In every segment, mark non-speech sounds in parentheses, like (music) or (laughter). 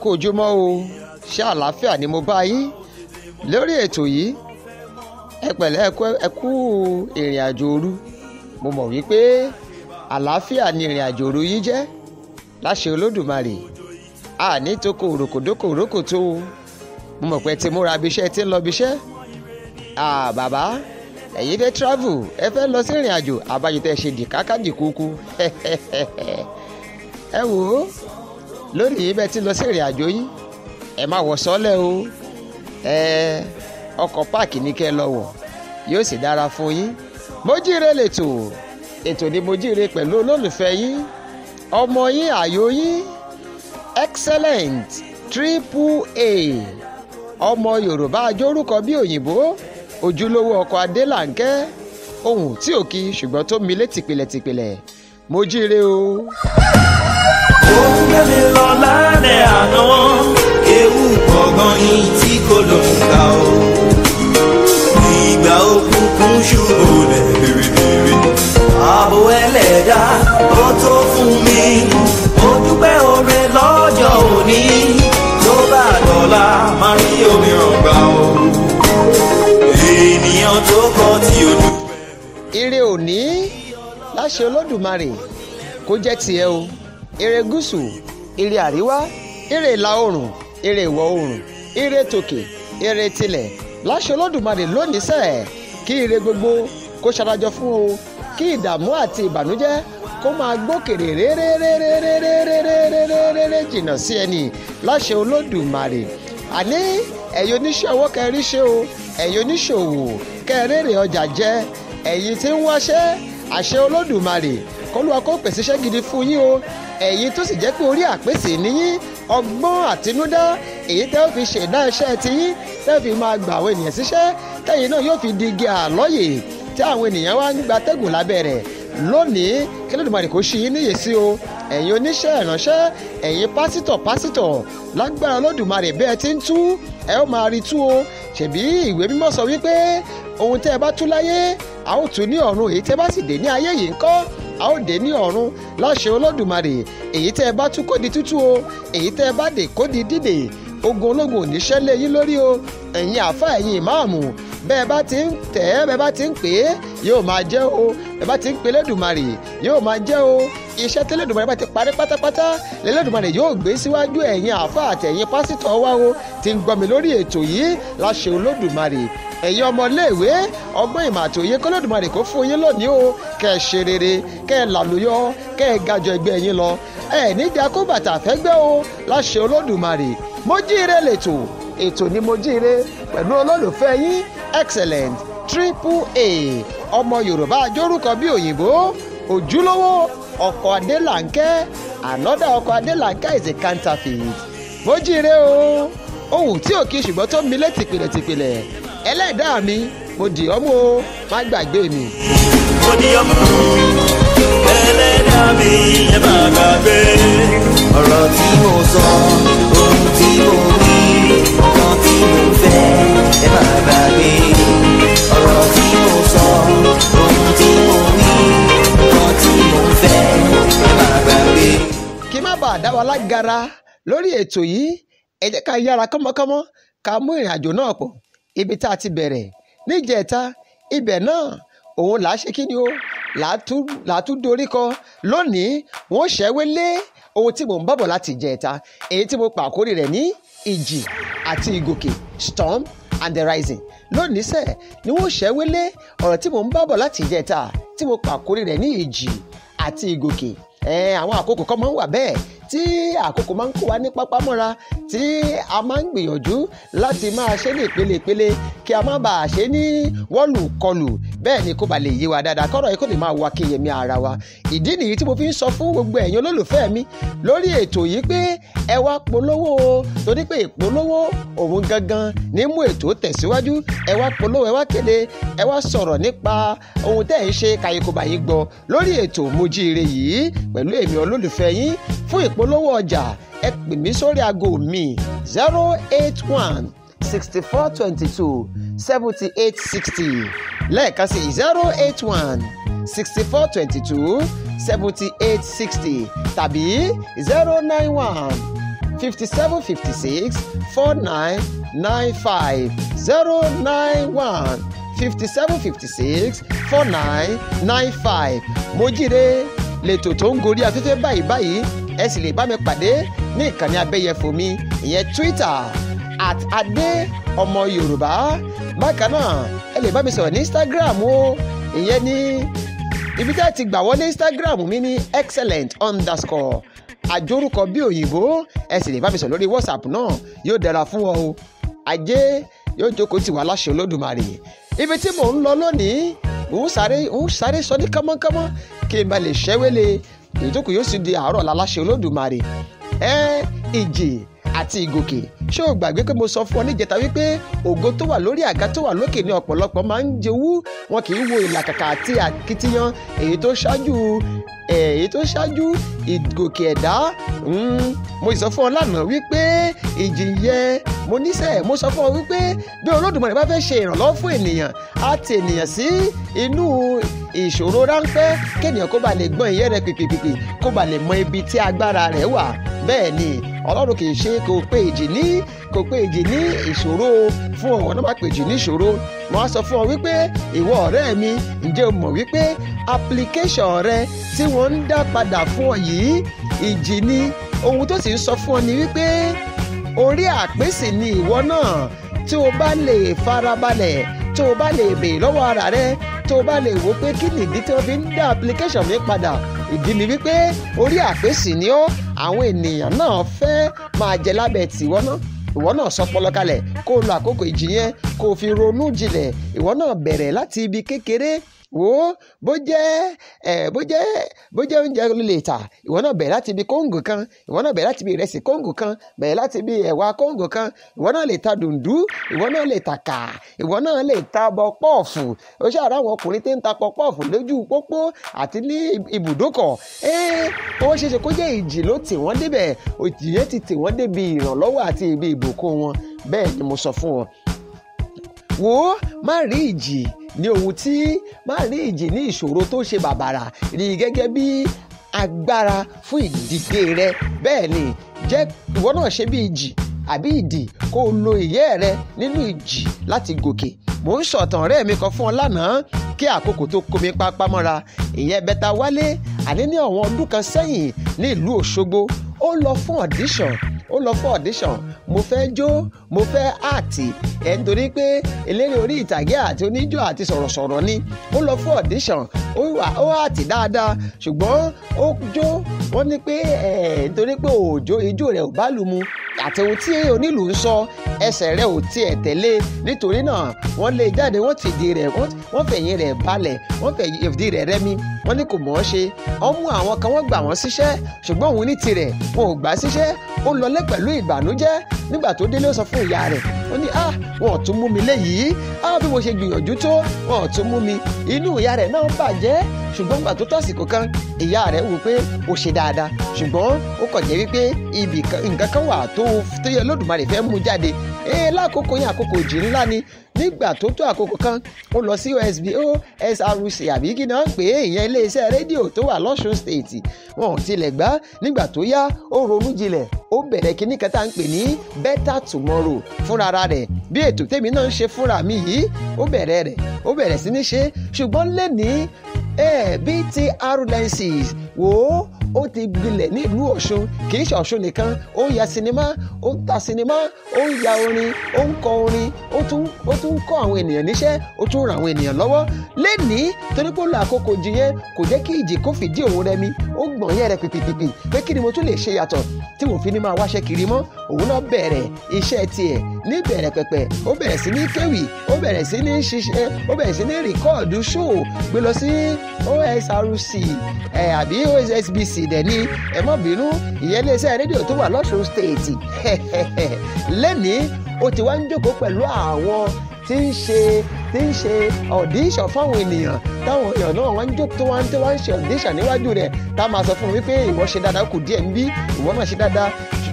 kú ojúmọ́ o ṣé àlàáfíà ni mo bá yín lórí ètò yìí ẹ pẹ̀lẹ́ ẹ kú ìrìn àjò òru mo mọ̀ wípé àlàáfíà ni ìrìn àjò òru yín jẹ́ láṣẹ olódùmarè àní toko òròkòdókò òròkòtò mo mọ̀ pé ti múra bíṣẹ́ ti ń lọ bíṣẹ́ bàbá ẹ̀yin fẹ́ travel ẹ fẹ́ lọ sí ìrìn àjò àbájọ tẹ́ ṣe dìkákàdìkúkú (laughs) ẹ wò ó lónìí bẹ́ẹ̀ ti lọ sí ìrìn àjò yín ẹ má wọ sọ́lẹ̀ o ẹ ọkọ̀ páàkì ní kẹ́ lọ wọ̀ yóò sì dára fún yín mojire lètò ètò ní Mojíire pẹ̀lú olólùfẹ́ yín ọmọ yín àyò yín excellent triple a ọmọ Yorùbá ajórúkọ bí òyìnbó ojúlówó ọkọ̀ adélànkẹ́ ohun tí ò kí ṣùgbọ́n tó mi létìpilẹ̀tìpilẹ̀ mojire o ó mi lọ lálẹ́ àná ewu gbọ̀ngàn yìí tí kò mi ó dúpẹ́ oore lọ́jọ́ òní tó bá dọ̀la máa rí omi ọ̀gbà o. ènìyàn tó kọ́ tí o dúpẹ́. ire òní láṣẹ olódùmarè kó jẹ́ tiẹ̀ o eré gúúsù eré àríwá eré ìlà oòrùn eré ìwọ̀ oòrùn eré tòkè eré tilẹ̀ láṣẹ olódùmarè lónìí sẹ́ẹ̀ kí ire gbogbo kó ṣarajọ fún o kí ìdààmú àti ìbànújẹ́ kó máa gbókèrè réréréréréréréréréréréré o ẹ̀yin oníṣòwò kẹrẹ́rẹ́ ọjà jẹ ẹ̀yin tí ń kọ́lù akọ́ pèsè gidi fún yín o ẹ̀yin tó sì jẹ́ pé orí àpèsè níyín ọgbọ́n àtinúdá èyí tẹ́ ó fi ṣẹ̀dá iṣẹ́ tiyín tẹ́ fi máa gbà àwọn ènìyàn síṣẹ́ tẹ́yìn náà yóò fi digi àlọ́yè tí àwọn ènìyàn wá ń gba tẹ́gùn lábẹ́ rẹ̀ lónìí kílódùmarè kò ṣí níyè sí o ẹ̀yin oníṣẹ́ ìránṣẹ́ ẹ̀yin pásítọ̀ pásítọ̀ lágbára olódùmarè bẹ́ẹ̀ ti ń tú ẹ ó máa rí tú o ṣèbí ìwé mímọ́ sọ wípé ohun tẹ́ ẹ bá tú láyé a ó ní ọ̀run èyí tẹ́ bá sì dé ní ayé yìí ńkọ́ a ó dé ní ọ̀run láṣẹ olódùmarè èyí tẹ́ ẹ bá tú kó di tútú o èyí tẹ́ ẹ bá dè kó di dídè ogun ológun oníṣẹ́ lé yín lórí o ẹ̀yin àfa ẹ̀yin ìmáàmù bẹ́ẹ̀ bá ti ń tẹ̀ ẹ́ bẹ́ẹ̀ bá ti ń pè é yóò máa jẹ́ o bẹ́ẹ̀ bá ti ń pè lẹ́dùnmarè yóò máa jẹ́ o iṣẹ́ tí lẹ́dùnmarè bá ti parí pátápátá lẹ́dùnmarè yóò gbé síwájú ẹ̀yin àfa àtẹ̀yin pásítọ̀ wa o ti ń gbọ́ mi lórí ètò yìí láṣẹ olódùmarè ẹ̀yin ọmọléèwé ọgbọ́n ìmọ̀ àti òye kọ́lọ́dùmarè kó fún yín lónìí o kẹ́ ẹ ṣe rere kẹ́ ẹ làlùyọ kẹ́ ẹ gajọ ẹgbẹ́ yín lọ ẹ níjà kó bàtà fẹ́gbẹ́ o láṣẹ olódùmarè Mojíire lẹ́tọ̀ ètò ní Mojíire pẹ̀lú olólùfẹ́ yín excellent triple a ọmọ Yorùbá ajórúkọ bí òyìnbó ojúlówó ọkọ̀ adélànkẹ́ ànọ́dà ọkọ̀ adélànkẹ́ is a counterfeit mojire o ohun tí ò kí ṣùgbọ́n tó mi létìpìlẹ̀tìpìlẹ̀ ẹlẹ́dàá mi mo dì ọ́ mú o má gbàgbé mi. mo dì ọ́ mú ẹlẹ́dàá mi ẹ má gbàgbé ọ̀rọ̀ tí mo sọ ohun tí mo wí ọ̀rọ̀ tí mo fẹ́ ẹ má gbàgbé ọ̀rọ̀ tí mo sọ ohun tí mo wí ọ̀rọ̀ tí mo fẹ́ ẹ má gbàgbé. kí má bàa dá wa lágara lórí ètò yìí ẹ jẹ́ ká yára kánmọ́kánmọ́ ká mú ìrìn náà pọ̀ ibi tá a ti bẹ̀rẹ̀ níjẹ̀ta ibẹ̀ náà òun là á ṣe kí ni o là á tún dorí kọ lónìí wọ́n ṣẹ́wé lé ohun tí mò ń bọ̀bọ̀ láti jẹ̀ta èyí tí mo pa àkórí rẹ̀ ní ìjì àti ìgòkè storm and the rising lónìí sẹ̀ ni wọ́n ṣẹ́wé lé ọ̀rọ̀ tí mò ń bọ̀bọ̀ láti jẹ̀ta tí mo pa àkórí rẹ̀ ní ìjì àti ìgòkè àwọn àkókò kan máa ń wà bẹ́ẹ̀ tí àkókò máa ń kó wa ní pápámọ́ra tí a máa ń gbìyànjú láti máa ṣe ní ìpele ìpele kí a má bàa ṣe ní wọ́lù kọlù bẹ́ẹ̀ ni kó ba lè yé wa dáadáa kọ́rọ̀ yìí kó lè máa wá kéyèmí ara wa ìdí nìyí tí mo fi ń sọ fún gbogbo ẹ̀yin olólùfẹ́ mi lórí ètò yìí pé ẹ wá polówó o torí pé ìpolówó òun gangan ní mú ètò tẹ̀síwájú ẹ wá polówó ẹ wá kéde ẹ wá sọ̀rọ̀ nípa ohun tẹ́ ẹ̀ ń ṣe kàyíkóbá yín gbọ́ lórí ètò mojíire yìí pẹ̀lú èmi olólùfẹ́ yín fún ìpolówó ọjà ẹ pè mí sórí aago mi zero eight one sixty four twenty two seventy eight sixty lẹ́ẹ̀kan sí zero eight one sixty four twenty two seventy eight sixty tàbí zero nine one fifty seven fifty six four nine nine five zero nine one fifty seven fifty six four nine nine five Mojire lètò tó ń gorí afẹ́fẹ́ báyìí báyìí ẹ sì lè bá mi pàdé ní ìkànnì abẹ́yẹfò mi ìyẹn Twitter at adé ọmọ Yorùbá bákan náà ẹ lè bá mi sọ̀rọ̀ ní Instagram o ìyẹn ní ibi tí a ti gbà wọlé Instagram mi ní excellent underscore àjórúkọ bí òyìnbó ẹ sì lè bá mi sọ̀rọ̀ lórí WhatsApp náà yóò dára fún ọ o ajé yóò jókòó tì wá láṣẹ Olódùmarè ibi tí mò ń lọ lónìí ń sáré ń sáré sọ ní kánmọ́kánmọ́ kí n ba lè ṣẹ́wélé ìjókòó yóò sì di àárọ̀ láláṣẹ Olódùmarè ẹ ìjì àti ìgòkè ṣé o gbàgbé pé mo sọ fún ọ níjẹta wípé ògo tó wà lórí àga tó wà lókè ní ọ̀pọ̀lọpọ̀ máa ń jowú wọn kì í wo ìlàkàkà àti àkitiyan èyí tó ṣáájú èyí tó ṣáájú ìgòkè ẹ̀dá hmm, mo sì sọ fún ọ lánàá wípé ìjì ń yẹ mo níṣẹ́ mo sọ fún ọ wípé bí Olódùmarè bá fẹ́ ṣe ìrànlọ́wọ́ fún ènìyàn á ti ènìyàn sí inú ìṣòro ráńpẹ́ kéèyàn kó ba lè gbọ́n ìyẹ́ rẹ̀ kó ba lè mọ ibi tí agbára rẹ̀ wà bẹ́ẹ̀ ni ọlọ́run kì í ṣe kò pé ìjì ní kò pé ìjì ní ìṣòro fún ọ̀wọ́ náà má pè jì ní ìṣòro wọ́n á sọ fún ọ wípé ìwọ ọ̀rẹ́ mi ǹjẹ́ o mọ̀ wípé application rẹ tí wọ́n ń dá padà fún ọ yìí ìjì ni ohun tó sì ń sọ fún ọ ni wípé orí àpèsè ni ìwọ náà tí o bá lè farabalẹ̀ tó o bá lè bèè lọ́wọ́ ara rẹ tó o bá lè wò pé kí nìdí tí wọ́n fi ń dá application mi padà ìdí ni wípé orí àpèsì ni ó àwọn ènìyàn náà fẹ́ máa jẹ lábẹ́ tìwọ́ náà ìwọ náà sọpọlọ kalẹ̀ kó o lo àkókò ìjì yẹn kó o fi ronú jinlẹ̀ ìwọ náà bẹ̀rẹ̀ láti ibi kékeré wo bó jẹ́ ẹ̀ bó jẹ́ bó jẹ́ oúnjẹ lè tà ìwọ náà bẹ̀rẹ̀ láti ibi kóńgò kan ìwọ náà bẹ̀rẹ̀ láti ibi ìrẹsì kóńgò kan bẹ̀rẹ̀ láti ibi ẹ̀wà kóńgò kan ìwọ náà lè ta dùndú ìwọ náà lè ta kà ìwọ náà lè ta bọ pọ́ọ̀fù ó ṣàrà àwọn ọkùnrin tí ń ta pọ́ọ̀fù lójú pópó àti ní ibùdókọ̀ ẹ́ ó ṣeéṣe kó jẹ́ ìjì ló tì wọ́n débẹ̀ ìjì ni mo sọ fún wò ó má rí ìjì ní ohun tí má rí ìjì ní ìṣòro tó ṣe bàbàrà rí gẹ́gẹ́ bí agbára fún ìdìde rẹ bẹ́ẹ̀ ni jẹ́ ìwọ náà ṣe bí ìjì àbí ìdì kó o lo ìyẹ́ rẹ nínú ìjì láti gòkè mò ń sọ̀tàn ọ̀rẹ́ mi kan fún ọ lánàá kí àkókò tó komi pápá mọ́ra ìyẹn bẹ́ta wálé àní ní ọ̀wọ́n ọdún kan sẹ́yìn ní ìlú Òṣogbo ó lọ fún audition ó lọ fún audition mo fẹ́ jó mo fẹ́ àti ẹ̀ nítorí pé eléré orí ìtàgé àti oníjó àti sọ̀rọ̀sọ̀rọ̀ ni ó lọ fún audition ó wà ó àti dáadáa ṣùgbọ́n ó jó wọ́n ní pé ẹ̀ nítorí pé òòjó ijó rẹ̀ ò bá lù mu àti ohun tí onílù ń sọ ẹsẹ̀ rẹ̀ ò tiẹ̀ tẹ̀lé nítorí náà wọ́n lé e jáde wọ́n fìdí rẹ̀ wọ́n fẹ̀yìn rẹ̀ balẹ̀ wọ́n fìdí rẹ̀ rẹ́mi wọ́n ní kò mọ̀ ọ́ ṣe wọ́n mú àwọn kan wọ́n gbà wọ́n síṣẹ́ ṣùgbọ́n òun ní tirẹ̀ wọn ò gbà síṣẹ́ ó lọ lẹ́ pẹ̀lú ìbànújẹ́ nígbà tó délé ó sọ fún ìyá rẹ̀ ó ní ah wọn ò tún mú mi léyìí ah bí mo ṣe gbìyànjú tó wọn ò tún mú mi inú ìyá rẹ̀ náà bàjẹ́ ṣùgbọ́n nígbà tó tọ́sìkò kan ìyá rẹ̀ wò pé ó ṣe dáadáa ṣùgbọ́n ó kàn jẹ́ wípé ibì nǹkan kan wà tó yẹ lódùmarè fẹ́ mú jáde ee lákòókò yẹn àkókò jì ńlá ni nígbà tó tó àkókò kan ó lọ sí osbo src àbí kí náà pé ìyẹn iléeṣẹ́ rédíò tó wà lọ́sùn stéètì wọn ò tilẹ̀ gbà nígbà tó yá ó ronú jinlẹ̀ ó bẹ̀rẹ̀ kíní kan tá ń pè ní better tomorrow fúnra rẹ̀ bí ètò tèmi náà ń ṣe fúnra mi yìí ó bẹ̀rẹ̀ rẹ̀ ó bẹ̀rẹ̀ sí ní ṣe ṣùgbọ́n lẹ́ni ẹ̀ bíi ti lenses wò ó ó ti gbilẹ̀ nílùú ọ̀ṣun kì í ṣe ọ̀ṣun nìkan ó ń ya sinimá ó ń ta sinimá ó ń ya orin ó ń kọ orin ó tún ó tún ń kọ́ àwọn ènìyàn níṣẹ́ ó tún ń ran àwọn ènìyàn lọ́wọ́ lẹ́nìí torí pé ó lo àkókò jiyẹn kò jẹ́ kí ìjì kó fìdí òun rẹmi ó gbọ̀n yẹn rẹ pìpìpìpì pé kí ni mo tún lè ṣe yàtọ̀ tí mo fi ní máa wáṣẹ́ kiri mọ́ òun náà bẹ̀rẹ̀ iṣẹ́ tiẹ̀ ní bẹ̀rẹ̀ pẹ̀pẹ̀ ó bẹ̀rẹ̀ sí ní kéwì bẹ̀rẹ̀ sí ní ṣiṣẹ́ ó bẹ̀rẹ̀ sí ní rìkọ́ọ̀dù ṣóò gbé lọ sí OSRC ẹ̀ àbí OSBC dẹ̀ ni ẹ̀ mọ́ bínú ìyẹn iléeṣẹ́ rédíò tó wà lọ́sùn stéètì (laughs) lẹ́ni ó ti wá ń jókòó pẹ̀lú àwọn tí ń ṣe tí ń ṣe audition fáwọn ènìyàn táwọn èèyàn náà wọ́n ń jó tó wọ́n ń ṣe audition níwájú rẹ̀ tá a máa sọ fún mi pé ìwọ ṣe dáadáa kù díẹ̀ ń bí ìwọ náà ṣe dáadáa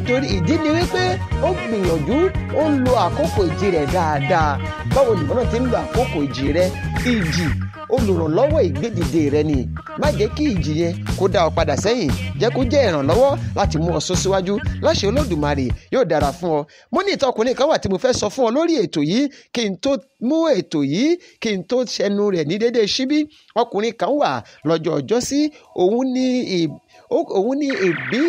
nítorí ìdí ni wípé ó gbìyànjú ó ń lo àkókò ìjì rẹ̀ dáadáa báwo ni náà ti ń lo àkókò ìjì rẹ̀ ìjì olùrànlọ́wọ́ ìgbédìde rẹ ni má jẹ́ kí ìjì yẹn kó dá ọ padà sẹ́yìn jẹ́ kó jẹ́ ìrànlọ́wọ́ láti mú ọ sún síwájú láṣẹ olódùmarè yóò dára fún ọ. mo ní ìtàn ọkùnrin kan wà tí mo fẹ́ sọ fún ọ lórí ètò yìí kí n tó mú ètò yìí kí n tó ṣẹnu rẹ̀ ní déédéé síbí ọkùnrin kan wà lọ́jọ́ ọjọ́ sí òun ní òun ni ìbí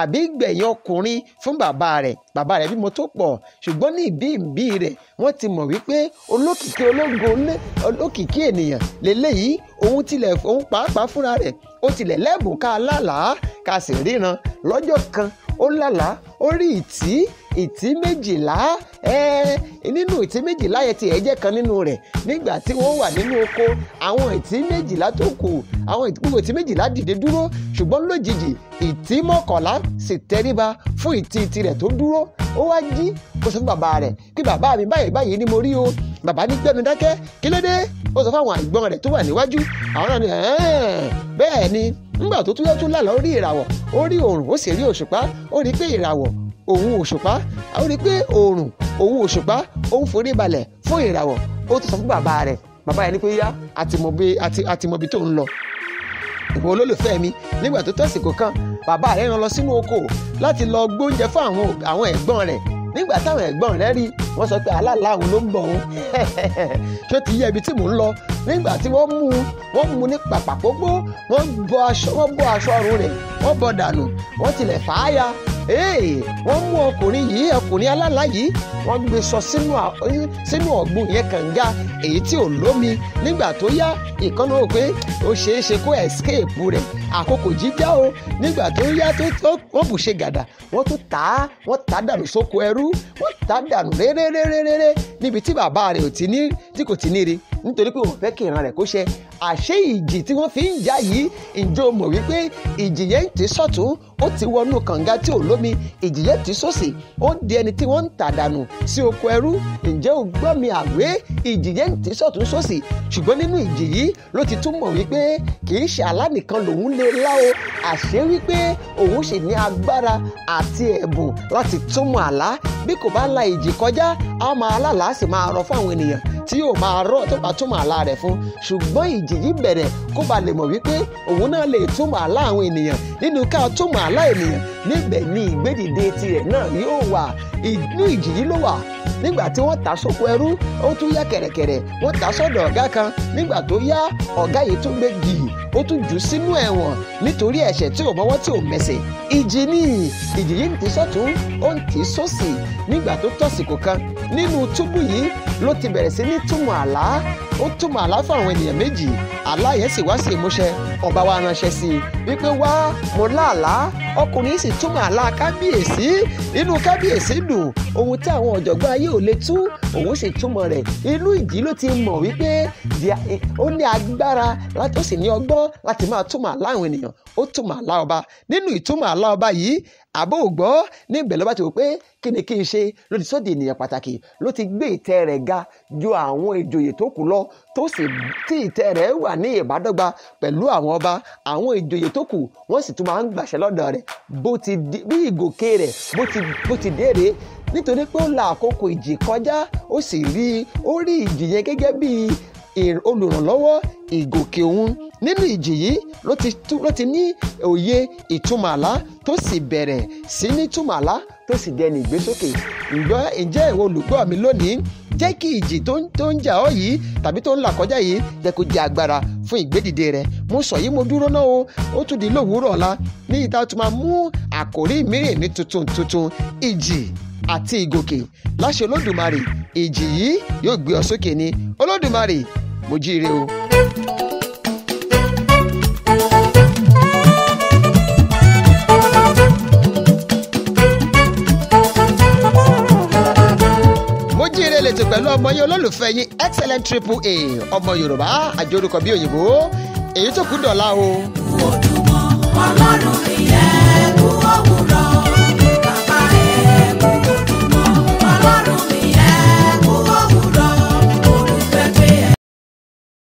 àbí gbẹ̀yìn ọkùnrin fún bàbá rẹ̀ bàbá rẹ̀ bímọ tó pọ̀ ṣùgbọ́n ní ìbí ìbí rẹ̀ wọ́n ti mọ̀ wípé olókìkí ológo olókìkí ènìyàn lélẹ́yìí òun tilẹ̀ òun pàápàá fúnra rẹ̀ ó tilẹ̀ lẹ́bùn ká lálàá ká sì ríran lọ́jọ́ kan ó lálàá ó rí ìtì ìtí méjìlá nínú ìtí méjìlá yẹn ti ẹ̀ jẹ́ kan nínú rẹ̀ nígbà tí wọ́n wà nínú oko àwọn ìtí méjìlá tó kù àwọn ìtí méjìlá dìde dúró ṣùgbọ́n lójijì ìtí mọ́kànlá sì tẹríba fún ìtí tirẹ̀ tó dúró ó wá jí kó sọ fún bàbá rẹ̀ kí bàbá mi báyìí báyìí ni mo rí o bàbá ní gbẹ́nu dákẹ́ kí ló dé ó sọ fún àwọn àgbọn rẹ̀ tó wà níwájú àwọn náà ni bẹ́ẹ̀ ni nígbà tó tún yọ tún lálọ́ rí ìràwọ̀ ó rí oòrùn ó sì rí òṣùpá ó rí pé ìràwọ̀ òun òṣùpá a ó rí i pé oòrùn òun òṣùpá òun forí balẹ̀ fún ìràwọ̀ ó tún sọ fún bàbá rẹ̀ bàbá yẹn ní pé yá àtìmọ̀bi tó ń lọ ìwọ olólùfẹ́ mi nígbà tó tọ́sìkò kan bàbá rẹ̀ rán lọ sínú oko láti lọ gbóúnjẹ fún àwọn ẹ̀gbọ́n rẹ̀ nígbà táwọn ẹ̀gbọ́n rẹ̀ rí wọ́n sọ pé aláàlá òun ló ń bọ̀ òun (laughs) ṣó ti yẹ ibi tí mò ń lọ nígbà tí wọ́n mú un wọ́n mú ní pàpàpógbó wọ́n bọ́ aṣọ ọrùn rẹ̀ wọ́n bọ́ dànù wọ́n tilẹ̀ fàáya wọ́n mú ọkùnrin yìí ọkùnrin alálà yìí wọ́n gbé sọ sínú ọ̀gbun yẹn kànga èyí tí ò lómi nígbà tó yá ìkànnì ò pé ó ṣeé ṣe kó ẹ̀skéèpù rẹ̀ àkókò jíjá o nígbà tó yá tó wọ́n bù ṣe gàdà wọ́n tún tà wọ́n tà á dànù wọ́n tà á dànù tí bàbá àṣé ìjì tí wọ́n fi ń jà yìí ǹjọ́ mọ̀ wípé ìjì yẹn ti sọ̀tún ó ti wọnú kànga tí ò lómi ìjì yẹn ti sósì ó ń di ẹni tí wọ́n ń tà dànù sí oko ẹrú ǹjẹ́ o gbọ́ mi àwé ìjì yẹn ti sọ̀tún sósì ṣùgbọ́n nínú ìjì yìí ló ti tún mọ̀ wípé kì í ṣe àlá nìkan lòun lè lá o àṣé wípé òun sì ní agbára àti ẹ̀bùn láti túmọ̀ àlá bí kò bá la ìjì kọjá á máa lálàá sì máa rọ fún àwọn ènìyàn tí yóò máa rọ̀ tó bá túmọ̀ àlá rẹ̀ fún ṣùgbọ́n ìjì yìí bẹ̀rẹ̀ kó ba lè mọ̀ wípé òun náà lè túmọ̀ àlá àwọn ènìyàn nínú ká túmọ̀ àlá ènìyàn níbẹ̀ ni ìgbédìde tirẹ̀ náà yóò wà inú ìjì yìí ló wà nígbà tí wọ́n tà sóko ẹrú ó tún yá kẹ̀rẹ̀kẹ̀rẹ̀ wọ́n tà sọ́dọ̀ ọ̀gá kan nígbà tó yá ọ̀gá yìí tún gbé gìrì ó tún jù sínú ẹ̀wọ̀n nítorí ẹ̀ṣẹ̀ tí ò mọ́wọ́ tí ò mẹsẹ̀ ìjì ni ìjì yìí ń tì sọ́tún ó ń tì sósì nígbà tó tọ̀sìkò kan nínú túbú yìí ló ti bẹ̀rẹ̀ sí ní túmọ̀ àlá ó túmọ̀ àlá fún àwọn ènìyàn méjì àlá yẹn sì wá sí ìmúṣẹ ọba wa ránṣẹ́ sí i wípé wá mo lá ọkùnrin sì túmọ̀ àlá kábíyèsí inú kábíyèsí dùn ohun tí àwọn ọ̀jọ̀gbọ́n ayé ò lè tú òun sì túmọ̀ rẹ̀ inú ìjì ló ti mọ̀ wípé ó ní agbára láti ó sì ní ọgbọ́n láti máa túmọ̀ àlá àwọn ènìyàn ó túmọ̀ àlá ọba nínú ìtúmọ̀ àlá ọba yìí àbó ògbọ́ ní ìbẹ̀lẹ́ bá ti wò pé kí ni kí n ṣe ló ti sọ́dọ̀ ènìyàn pàtàkì ló ti gbé ìtẹ́ rẹ̀ ga ju àwọn ìjòyè tó kù lọ tó sì tí ìtẹ́ rẹ̀ wà ní ìbádọ́gba pẹ̀lú àwọn ọba àwọn ìjòyè tó kù wọ́n sì tún máa ń gbàṣẹ lọ́dọ̀ rẹ̀ bó ti di bí ìgòkè rẹ̀ bó ti bó ti dére nítorí pé ó la àkókò ìjì kọjá ó sì rí ó rí ìjì yẹn gẹ́gẹ́ bí olùrànlọ́wọ́ ìgòkè òun nínú ìjì yìí ló ti ló ti ní òye ìtumọ̀ tó sì bẹ̀rẹ̀ sí ní túmọ̀ tó sì dẹni ìgbésókè ǹjẹ́ ìwọ olùgbọ́ mi lónìí jẹ́ kí ìjì tó ń jà ọ́ yìí tàbí tó ń là kọjá yìí jẹ́ kó jẹ́ agbára fún ìgbédìde rẹ mo sọ yìí mo dúró náà o ó tún di lówùúrọ̀ ọ̀la ní ìta tó máa mú àkòrí mìíràn ní tuntun tuntun ìjì àti ìgòkè láṣẹ olódùmarè ìjì yìí yóò gbé ọ sókè ni olódùmarè mo jíire o. ọ̀pọ̀lọpọ̀ yín olólùfẹ́ yín excellent triple a ọmọ yorùbá àjọrúkọ bí òyìnbó èyí tó kù dọ̀la o. ojúmọ́ ọlọ́run ìyẹn.